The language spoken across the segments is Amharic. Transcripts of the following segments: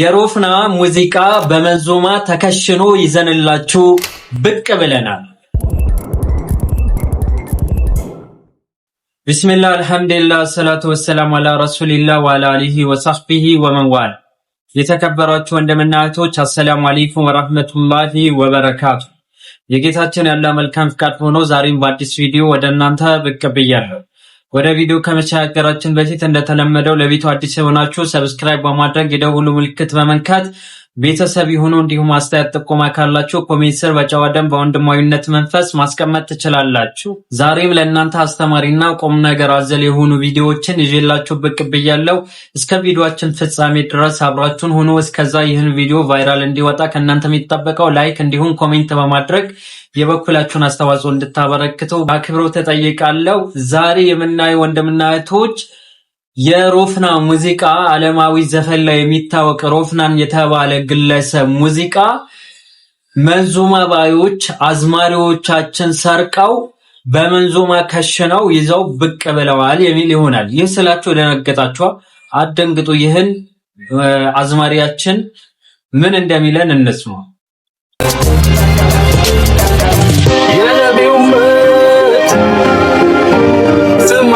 የሮፍና ሙዚቃ በመንዙማ ተከሽኖ ይዘንላችሁ ብቅ ብለናል። ቢስሚላ አልሐምዱሊላህ ሰላቱ ወሰላም አላ ረሱሊላህ ወአላ አሊሂ ወሳህቢሂ ወመንዋል። የተከበራችሁ ወንድምና እህቶች አሰላሙ አለይኩም ወራህመቱላሂ ወበረካቱ። የጌታችን ያለ መልካም ፍቃድ ሆኖ ዛሬም በአዲስ ቪዲዮ ወደ እናንተ ብቅ ብያለሁ። ወደ ቪዲዮ ከመሸጋገራችን በፊት እንደተለመደው ለቤቱ አዲስ የሆናችሁ ሰብስክራይብ በማድረግ የደውሉ ምልክት በመንካት ቤተሰብ ይሁኑ እንዲሁም አስተያየት ጥቆማ ካላችሁ ኮሜንት ስር በጨዋ ደንብ በወንድማዊነት መንፈስ ማስቀመጥ ትችላላችሁ። ዛሬም ለእናንተ አስተማሪና ቁም ነገር አዘል የሆኑ ቪዲዮዎችን ይዤላችሁ ብቅ ብያለሁ። እስከ ቪዲዮችን ፍጻሜ ድረስ አብራችሁን ሆኖ እስከዛ ይህን ቪዲዮ ቫይራል እንዲወጣ ከእናንተ የሚጠበቀው ላይክ እንዲሁም ኮሜንት በማድረግ የበኩላችሁን አስተዋጽኦ እንድታበረክተው በአክብሮት ተጠይቃለሁ። ዛሬ የምናየው ወንድምና እህቶች የሮፍና ሙዚቃ ዓለማዊ ዘፈን ላይ የሚታወቅ ሮፍናን የተባለ ግለሰብ ሙዚቃ መንዙማ ባዮች አዝማሪዎቻችን ሰርቀው በመንዙማ ከሽነው ይዘው ብቅ ብለዋል የሚል ይሆናል። ይህ ስላችሁ ደነገጣችኋል። አደንግጡ ይህን አዝማሪያችን ምን እንደሚለን እንስማ። የነቢው ምት ስማ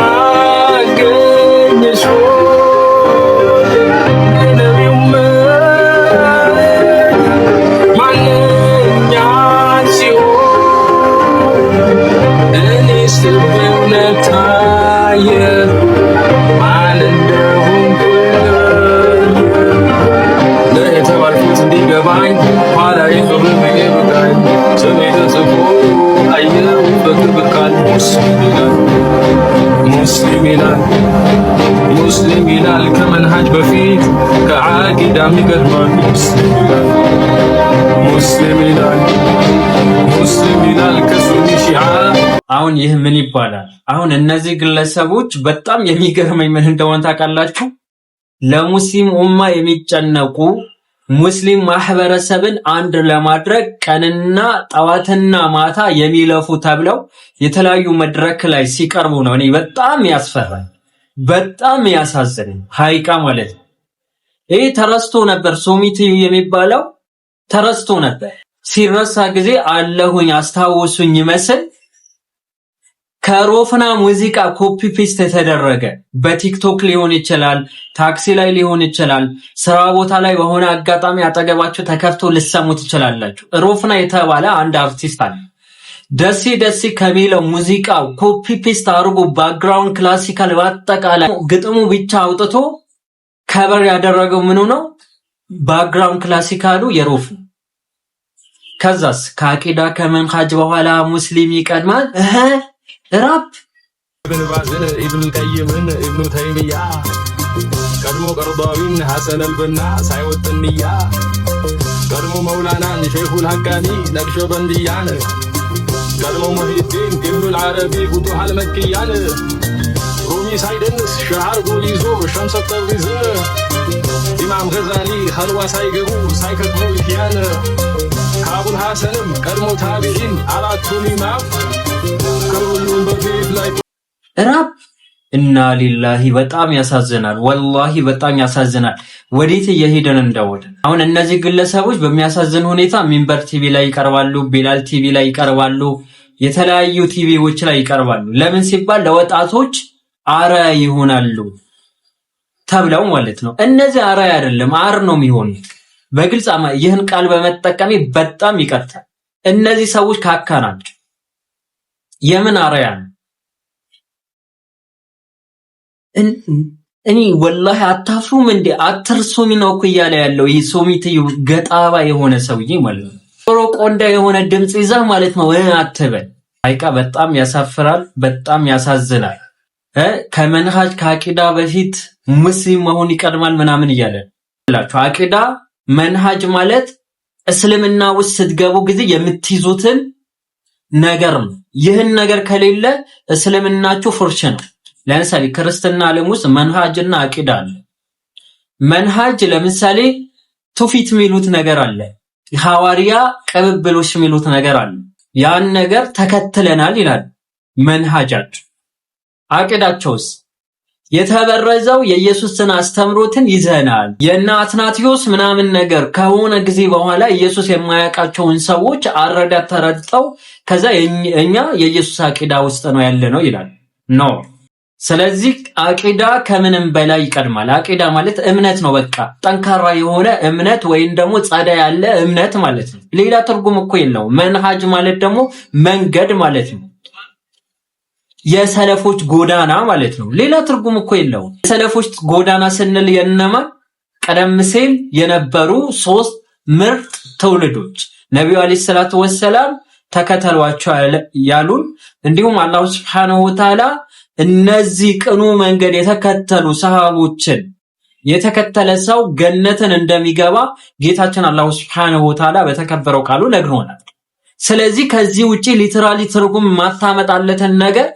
Divine, Father, is the living ሙስሊም ይላል ሙስሊም ይላል ከሱኒ ሺዓ። አሁን ይህ ምን ይባላል? አሁን እነዚህ ግለሰቦች በጣም የሚገርመኝ ምን እንደሆነ ታውቃላችሁ? ለሙስሊም ኡማ የሚጨነቁ ሙስሊም ማህበረሰብን አንድ ለማድረግ ቀንና ጠዋትና ማታ የሚለፉ ተብለው የተለያዩ መድረክ ላይ ሲቀርቡ ነው እኔ በጣም ያስፈራኝ፣ በጣም ያሳዝነኝ። ሀይቃ ማለት ነው። ይህ ተረስቶ ነበር። ሶሚት የሚባለው ተረስቶ ነበር። ሲረሳ ጊዜ አለሁኝ አስታውሱኝ ይመስል ከሮፍና ሙዚቃ ኮፒ ፔስት የተደረገ በቲክቶክ ሊሆን ይችላል፣ ታክሲ ላይ ሊሆን ይችላል፣ ስራ ቦታ ላይ በሆነ አጋጣሚ አጠገባችሁ ተከፍቶ ልሰሙ ትችላላችሁ። ሮፍና የተባለ አንድ አርቲስት አለ። ደሴ ደሴ ከሚለው ሙዚቃው ኮፒ ፔስት አድርጎ ባክግራውንድ ክላሲካል በአጠቃላይ ግጥሙ ብቻ አውጥቶ ከበር ያደረገው ምኑ ነው? ባክግራውንድ ክላሲካሉ የሩፍ ከዛስ ከአቂዳ ከመንሃጅ በኋላ ሙስሊም ይቀድማል። እህ ራፕ ኢብኑ ባዝ ኢብኑ ቀይምን ኢብኑ ተይሚያ ቀድሞ ቀርዳዊን ሐሰን አልበና ሳይወጥንያ ቀድሞ መውላናን ሼኹል ሐቃኒ ነቅሸበንድያን ቀድሞ ሙሂዲን ግብሩል ዓረቢ ፉቱሕ አልመክያን ሳይደንስ ሻሃርጎ ይዞ ሸምሰ ተብሪዝ ኢማም ገዛሊ ኸልዋ ሳይገቡ ሳይከትሙ ይህያን ከአቡል ሐሰንም ቀድሞ ታቢዒን አራቱን ኢማም ከሁሉም በፊት ላይ ራብ እና ሊላሂ በጣም ያሳዝናል። ወላሂ በጣም ያሳዝናል። ወዴት እየሄደን እንደሆነ አሁን እነዚህ ግለሰቦች በሚያሳዝን ሁኔታ ሚንበር ቲቪ ላይ ይቀርባሉ፣ ቢላል ቲቪ ላይ ይቀርባሉ፣ የተለያዩ ቲቪዎች ላይ ይቀርባሉ። ለምን ሲባል ለወጣቶች አርአያ ይሆናሉ ተብለው ማለት ነው። እነዚህ አርአያ አይደለም አር ነው የሚሆኑት። በግልጽ ይህን ቃል በመጠቀሜ በጣም ይቀጥታል። እነዚህ ሰዎች ካካ ናቸው። የምን አርአያ ነው? እኔ ወላሂ አታፍሩም እንዴ? ሶሚ ነው እኮ እያለ ያለው ይህ ሶሚትዩ ገጣባ የሆነ ሰውዬ ማለት ነው። ጆሮ ቆንዳ የሆነ ድምፅ ይዛ ማለት ነው። አትበል አይቃ። በጣም ያሳፍራል። በጣም ያሳዝናል። ከመንሃጅ ከአቂዳ በፊት ሙስሊም መሆን ይቀድማል ምናምን እያለ ላችሁ። አቂዳ መንሃጅ ማለት እስልምና ውስጥ ስትገቡ ጊዜ የምትይዙትን ነገር ነው። ይህን ነገር ከሌለ እስልምናችሁ ፉርሽ ነው። ለምሳሌ ክርስትና ዓለም ውስጥ መንሃጅና አቂዳ አለ። መንሃጅ ለምሳሌ ትውፊት የሚሉት ነገር አለ፣ ሐዋርያ ቅብብሎች የሚሉት ነገር አለ። ያን ነገር ተከትለናል ይላል መንሃጃችሁ አቅዳቸውስ የተበረዘው የኢየሱስን አስተምሮትን ይዘናል። የእነ አትናቴዎስ ምናምን ነገር ከሆነ ጊዜ በኋላ ኢየሱስ የማያውቃቸውን ሰዎች አረዳት ተረድተው ከዛ እኛ የኢየሱስ አቂዳ ውስጥ ነው ያለ ነው ይላል ኖ። ስለዚህ አቂዳ ከምንም በላይ ይቀድማል። አቂዳ ማለት እምነት ነው። በቃ ጠንካራ የሆነ እምነት ወይም ደግሞ ጸዳ ያለ እምነት ማለት ነው። ሌላ ትርጉም እኮ የለውም። መንሃጅ ማለት ደግሞ መንገድ ማለት ነው። የሰለፎች ጎዳና ማለት ነው። ሌላ ትርጉም እኮ የለውም። የሰለፎች ጎዳና ስንል የነማ ቀደም ሲል የነበሩ ሶስት ምርጥ ትውልዶች ነቢዩ አለይሂ ሰላቱ ወሰላም ተከተሏቸው ያሉን እንዲሁም አላሁ ስብሐነሁ ወተዓላ እነዚህ ቅኑ መንገድ የተከተሉ ሰሃቦችን የተከተለ ሰው ገነትን እንደሚገባ ጌታችን አላሁ ስብሐነሁ ወተዓላ በተከበረው ቃሉ ነግሮናል። ስለዚህ ከዚህ ውጪ ሊትራሊ ትርጉም ማታመጣለትን ነገር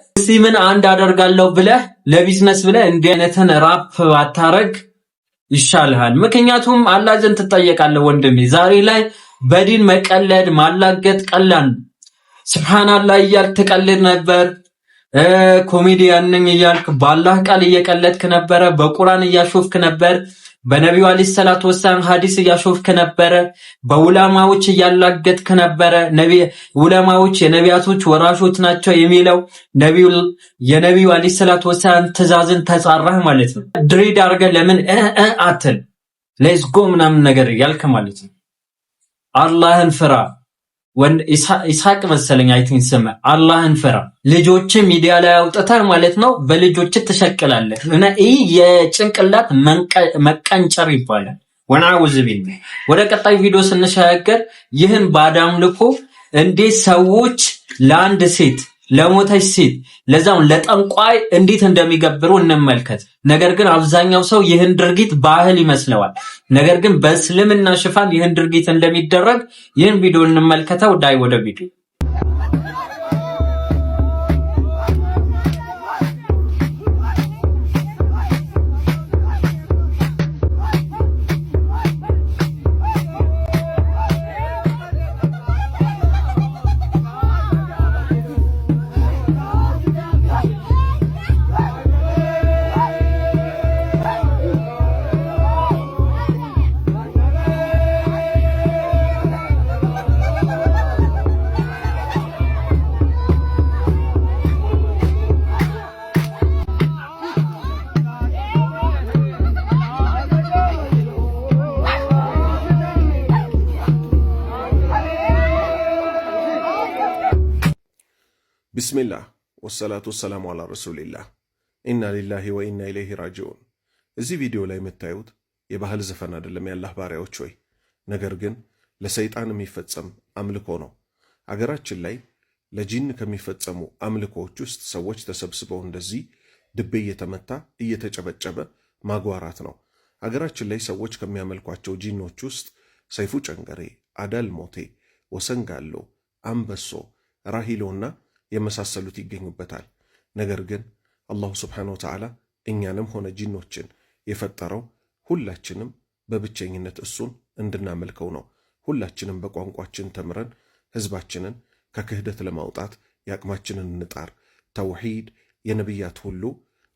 ምን አንድ አደርጋለሁ ብለህ ለቢዝነስ ብለህ እንዲህ አይነትን ራፕ ባታረግ ይሻልሃል። ምክንያቱም አላህ ዘንድ ትጠየቃለህ። ወንድሜ ዛሬ ላይ በዲን መቀለድ ማላገጥ ቀላል። ስብሓናላህ እያልክ ትቀልድ ነበር። ኮሜዲያን ነኝ እያልክ ባላህ ቃል እየቀለድክ ነበረ። በቁራን እያሾፍክ ነበር። በነቢዩ ዓለይሂ ሰላቱ ወሰላም ሐዲስ እያሾፍክ ነበረ፣ በኡለማዎች እያላገጥክ ነበረ። ኡለማዎች የነቢያቶች ወራሾች ናቸው የሚለው የነቢዩ ዓለይሂ ሰላቱ ወሰላም ትእዛዝን ተጻራህ ማለት ነው። ድሪድ አድርገህ ለምን አትል ሌትስ ጎ ምናምን ነገር ያልክ ማለት ነው። አላህን ፍራ። ኢስሐቅ መሰለኝ አይቲን ስም አላህን ፍራ። ልጆች ሚዲያ ላይ አውጥተን ማለት ነው በልጆች ትሸቅላለህ እና ይህ የጭንቅላት መቀንጨር ይባላል። ወናውዝ ወደ ቀጣይ ቪዲዮ ስንሸጋገር ይህን ባዳም ልኮ እንዴት ሰዎች ለአንድ ሴት ለሞተች ሴት ለዛም ለጠንቋይ እንዴት እንደሚገብሩ እንመልከት። ነገር ግን አብዛኛው ሰው ይህን ድርጊት ባህል ይመስለዋል። ነገር ግን በእስልምና ሽፋን ይህን ድርጊት እንደሚደረግ ይህን ቪዲዮ እንመልከተው። ዳይ ወደ ቪዲዮ ቢስሚላህ ወሰላቱ ወሰላሙ አላ ረሱሊላህ ኢና ሊላሂ ወኢና ኢለይህ ራጂዑን። እዚህ ቪዲዮ ላይ የምታዩት የባህል ዘፈን አይደለም የአላህ ባሪያዎች ሆይ፣ ነገር ግን ለሰይጣን የሚፈጸም አምልኮ ነው። አገራችን ላይ ለጂን ከሚፈጸሙ አምልኮዎች ውስጥ ሰዎች ተሰብስበው እንደዚህ ድቤ እየተመታ እየተጨበጨበ ማጓራት ነው። አገራችን ላይ ሰዎች ከሚያመልኳቸው ጂኖች ውስጥ ሰይፉ ጨንገሬ፣ አዳል ሞቴ፣ ወሰንጋሎ፣ አንበሶ፣ ራሂሎና የመሳሰሉት ይገኙበታል። ነገር ግን አላሁ ስብሓነ ወተዓላ እኛንም ሆነ ጂኖችን የፈጠረው ሁላችንም በብቸኝነት እሱን እንድናመልከው ነው። ሁላችንም በቋንቋችን ተምረን ህዝባችንን ከክህደት ለማውጣት የአቅማችንን እንጣር። ተውሒድ የነቢያት ሁሉ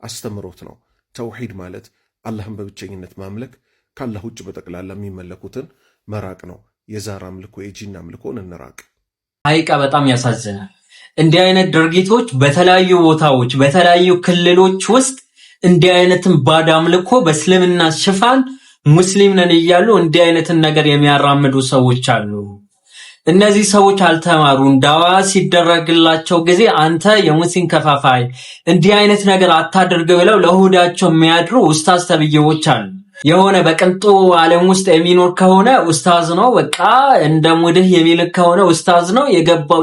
አስተምሮት ነው። ተውሒድ ማለት አላህን በብቸኝነት ማምለክ፣ ካላህ ውጭ በጠቅላላ የሚመለኩትን መራቅ ነው። የዛር አምልኮ፣ የጂን አምልኮን እንራቅ። ሀይቃ በጣም ያሳዝናል። እንዲህ አይነት ድርጊቶች በተለያዩ ቦታዎች በተለያዩ ክልሎች ውስጥ እንዲህ አይነትን ባድ አምልኮ በእስልምና ሽፋን ሙስሊም ነን እያሉ እንዲህ አይነትን ነገር የሚያራምዱ ሰዎች አሉ። እነዚህ ሰዎች አልተማሩም። ዳዋ ሲደረግላቸው ጊዜ አንተ የሙስሊም ከፋፋይ እንዲህ አይነት ነገር አታድርግ ብለው ለሁዳቸው የሚያድሩ ውስታዝ ተብዬዎች አሉ። የሆነ በቅንጡ ዓለም ውስጥ የሚኖር ከሆነ ኡስታዝ ነው፣ በቃ እንደ ሙድህ የሚልክ ከሆነ ኡስታዝ ነው፣ የገባው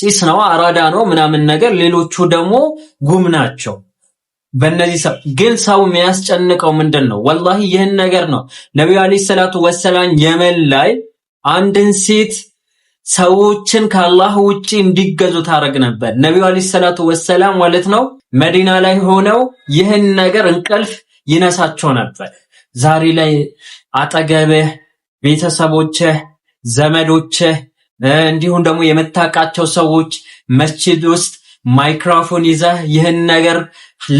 ጭስ ነው፣ አራዳ ነው ምናምን ነገር። ሌሎቹ ደግሞ ጉም ናቸው። በእነዚህ ሰው ግን ሰው የሚያስጨንቀው ምንድን ነው? ወላሂ ይህን ነገር ነው ነቢዩ ዓለይሂ ሰላቱ ወሰላም የመን ላይ አንድን ሴት ሰዎችን ከአላህ ውጪ እንዲገዙ ታደረግ ነበር። ነቢዩ ዓለይሂ ሰላቱ ወሰላም ማለት ነው መዲና ላይ ሆነው ይህን ነገር እንቅልፍ ይነሳቸው ነበር። ዛሬ ላይ አጠገብህ ቤተሰቦችህ፣ ዘመዶችህ እንዲሁም ደግሞ የምታውቃቸው ሰዎች መስጂድ ውስጥ ማይክሮፎን ይዘህ ይህን ነገር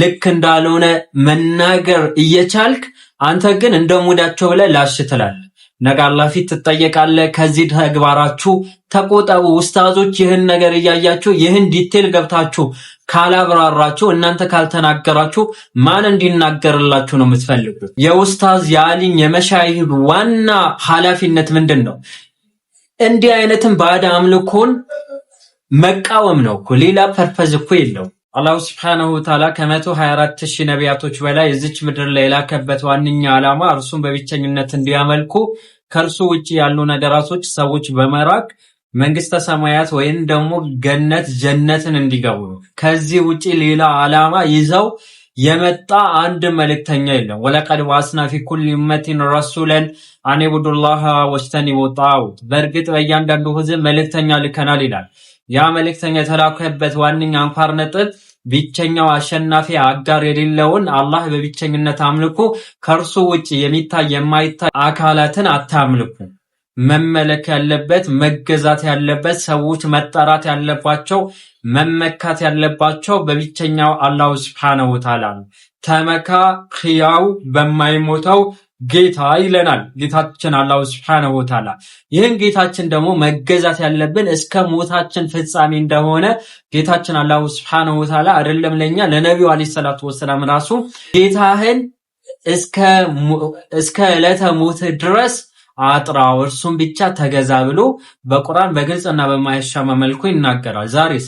ልክ እንዳልሆነ መናገር እየቻልክ አንተ ግን እንደ ብለ ብለህ ላሽ ትላለህ። ነገ አላህ ፊት ትጠየቃለህ። ከዚህ ተግባራችሁ ተቆጠቡ። ኡስታዞች ይህን ነገር እያያችሁ ይህን ዲቴል ገብታችሁ ካላብራራችሁ እናንተ ካልተናገራችሁ ማን እንዲናገርላችሁ ነው የምትፈልጉት? የኡስታዝ የአሊም የመሻይህ ዋና ኃላፊነት ምንድን ነው? እንዲህ አይነትን ባዕድ አምልኮን መቃወም ነው እኮ ሌላ ፐርፐዝ እኮ የለው። አላሁ ስብሓነሁ ተዓላ ከመቶ 24 ሺህ ነቢያቶች በላይ የዚች ምድር ላይ የላከበት ዋነኛ ዓላማ እርሱን በብቸኝነት እንዲያመልኩ ከእርሱ ውጭ ያሉ ነገራቶች ሰዎች በመራቅ መንግስተ ሰማያት ወይም ደግሞ ገነት ጀነትን እንዲገቡ ነው። ከዚህ ውጪ ሌላ ዓላማ ይዘው የመጣ አንድ መልእክተኛ የለም። ወለቀድ ባዕስና ፊ ኩል ኡመቲን ረሱለን አኔቡዱላህ ወጅተኒቡ ጣዑት፣ በእርግጥ በእያንዳንዱ ህዝብ መልእክተኛ ልከናል ይላል። ያ መልእክተኛ የተላከበት ዋነኛ አንኳር ነጥብ ብቸኛው አሸናፊ አጋር የሌለውን አላህ በብቸኝነት አምልኩ፣ ከእርሱ ውጭ የሚታይ የማይታይ አካላትን አታምልኩ። መመለክ ያለበት መገዛት ያለበት ሰዎች መጠራት ያለባቸው መመካት ያለባቸው በብቸኛው አላሁ ስብሓነሁ ወተዓላ ነው። ተመካ ሕያው በማይሞተው ጌታ ይለናል ጌታችን አላሁ ስብሓነሁ ወተዓላ። ይህን ጌታችን ደግሞ መገዛት ያለብን እስከ ሞታችን ፍጻሜ እንደሆነ ጌታችን አላሁ ስብሓነሁ ወተዓላ አይደለም ለእኛ ለነቢዩ ዓለይሂ ሰላቱ ወሰላም ራሱ ጌታህን እስከ ዕለተ ሞት ድረስ አጥራው እርሱም ብቻ ተገዛ ብሎ በቁርአን በግልጽና በማያሻማ መልኩ ይናገራል። ዛሬስ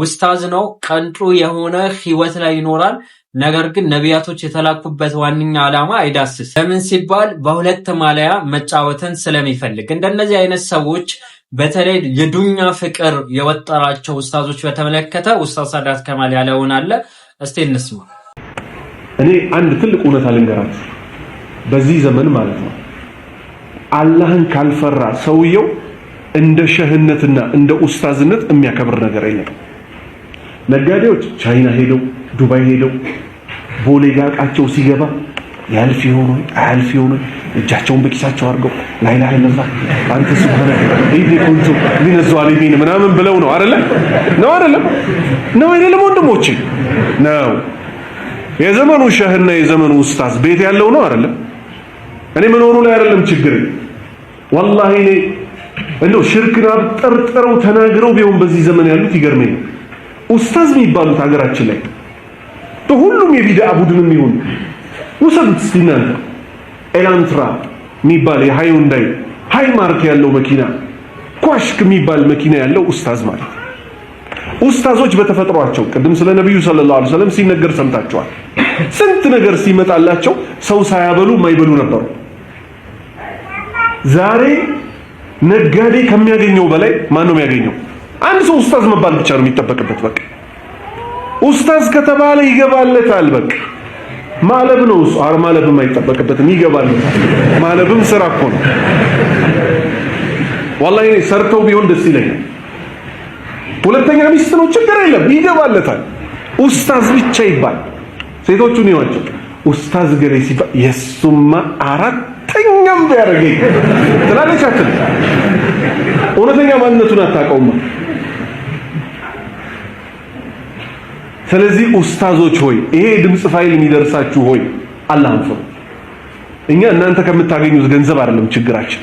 ውስታዝ ነው፣ ቀንጡ የሆነ ህይወት ላይ ይኖራል። ነገር ግን ነቢያቶች የተላኩበት ዋነኛ ዓላማ አይዳስስ። ለምን ሲባል በሁለት ማሊያ መጫወትን ስለሚፈልግ። እንደነዚህ አይነት ሰዎች በተለይ የዱኛ ፍቅር የወጠራቸው ውስታዞች በተመለከተ ውስታዝ ሳዳት ከማል ያለውን አለ፣ እስቲ እንስማ። እኔ አንድ ትልቅ እውነት አልንገራችሁ በዚህ ዘመን ማለት ነው አላህን ካልፈራ ሰውየው እንደ ሸህነትና እንደ ኡስታዝነት የሚያከብር ነገር የለም። ነጋዴዎች ቻይና ሄደው ዱባይ ሄደው ቦሌ ጋ እቃቸው ሲገባ ያልፍ ይሆኑ አያልፍ ይሆኑ እጃቸውን በኪሳቸው አድርገው ላይላ ኢላላ አንተ ሱብሃነ ኢዲ ኩንቱ ሚነ ዛሊሚን ምናምን ብለው ነው አይደለ? ነው አይደለ? ነው አይደለም? ወንድሞቼ ነው የዘመኑ ሸህና የዘመኑ ኡስታዝ ቤት ያለው ነው አይደለም? እኔ መኖሩ ላይ አይደለም ችግር ወላሂ እኔ እንደው ሽርክን አብጠርጥረው ተናግረው ቢሆን በዚህ ዘመን ያሉት ይገርመኛል። ኡስታዝ የሚባሉት ሀገራችን ላይ በሁሉም የቢድዓ ቡድን ይሁን ውሰዱት እስቲ እናንተ ኤላንትራ የሚባል የሃይንዳይ ሃይ ማርክ ያለው መኪና ኳሽክ የሚባል መኪና ያለው ኡስታዝ ማለት ኡስታዞች በተፈጥሯቸው ቅድም ስለ ነብዩ ሰለላሁ ዐለይሂ ወሰለም ሲነገር ሰምታቸዋል። ስንት ነገር ሲመጣላቸው ሰው ሳያበሉ ማይበሉ ነበሩ። ዛሬ ነጋዴ ከሚያገኘው በላይ ማን ነው የሚያገኘው? አንድ ሰው ኡስታዝ መባል ብቻ ነው የሚጠበቅበት። በቃ ኡስታዝ ከተባለ ይገባለታል። በቃ ማለብ ነው እሱ። ኧረ ማለብም አይጠበቅበትም፣ ይገባለታል። ማለብም ስራ እኮ ነው። ወላሂ ሰርተው ቢሆን ደስ ይለኛል። ሁለተኛ ሚስት ነው፣ ችግር የለም፣ ይገባለታል። ኡስታዝ ብቻ ይባል። ሴቶቹን ይዋቸው። ኡስታዝ ገሌ ሲባል የሱማ አራት ጓደኛም ያደርገኝ ትላለች አትል። እውነተኛ ማንነቱን አታውቀውም። ስለዚህ ኡስታዞች ሆይ ይሄ ድምፅ ፋይል የሚደርሳችሁ ሆይ አላህን ፍሩ። እኛ እናንተ ከምታገኙት ገንዘብ አይደለም ችግራችን።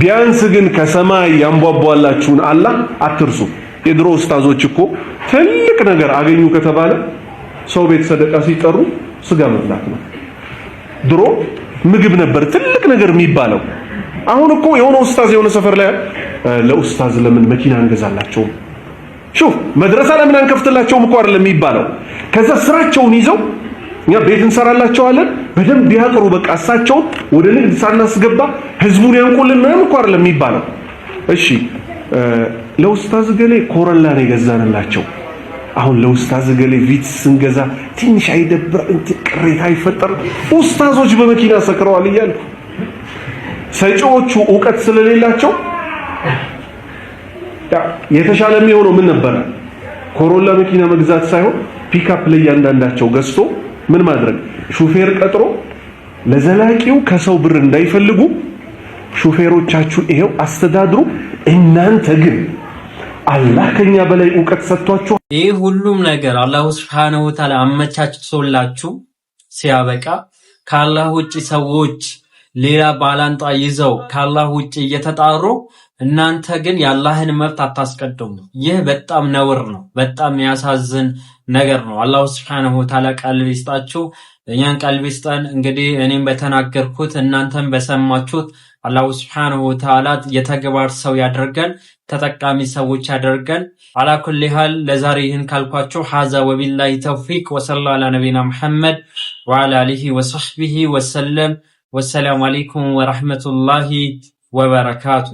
ቢያንስ ግን ከሰማይ ያንቧቧላችሁን አላህ አትርሱ። የድሮ ኡስታዞች እኮ ትልቅ ነገር አገኙ ከተባለ ሰው ቤት ሰደቃ ሲጠሩ ስጋ መብላት ነው ድሮ ምግብ ነበር ትልቅ ነገር የሚባለው። አሁን እኮ የሆነ ኡስታዝ የሆነ ሰፈር ላይ ለኡስታዝ ለምን መኪና እንገዛላቸውም? ሹፍ መድረሳ ለምን አንከፍትላቸውም እኮ አይደለም የሚባለው። ከዛ ስራቸውን ይዘው እኛ ቤት እንሰራላቸዋለን በደንብ ያቅሩ፣ በቃ እሳቸውን ወደ ንግድ ሳናስገባ ህዝቡን ያንቁልን ምናምን እኮ አይደለም የሚባለው። እሺ ለኡስታዝ ገሌ ኮረላን የገዛንላቸው አሁን ለኡስታዝ ገሌ ቪት ስንገዛ ትንሽ አይደብር እንት ቅሬታ አይፈጠር? ኡስታዞች በመኪና ሰክረዋል እያሉ ሰጪዎቹ እውቀት ስለሌላቸው የተሻለ የሚሆነው ምን ነበረ? ኮሮላ መኪና መግዛት ሳይሆን ፒካፕ ለእያንዳንዳቸው ገዝቶ ምን ማድረግ ሹፌር ቀጥሮ ለዘላቂው ከሰው ብር እንዳይፈልጉ ሹፌሮቻችሁ ይሄው አስተዳድሩ። እናንተ ግን አላህ ከኛ በላይ እውቀት ሰጥቷችሁ ይህ ሁሉም ነገር አላሁ ሱብሓነሁ ወተዓላ አመቻችቶላችሁ ሲያበቃ ከአላህ ውጭ ሰዎች ሌላ ባላንጣ ይዘው ከአላህ ውጭ እየተጣሩ እናንተ ግን የአላህን መብት አታስቀድሙ። ይህ በጣም ነውር ነው። በጣም የሚያሳዝን ነገር ነው። አላሁ ሱብሓነሁ ወተዓላ ቀልብ ይስጣችሁ፣ እኛን ቀልብ ይስጠን። እንግዲህ እኔም በተናገርኩት እናንተም በሰማችሁት አላሁ ስብሓነሁ ወተዓላ የተግባር ሰው ያደርገን፣ ተጠቃሚ ሰዎች ያደርገን። አላኩል ሃል ለዛሬ ይህን ካልኳቸው ሀዛ ወቢላሂ ተውፊቅ ወሰላ አላ ነቢና ሙሐመድ ወዓላ አሊሂ ወሰሕቢሂ ወሰለም። ወሰላሙ አለይኩም ወረሕመቱላሂ ወበረካቱ።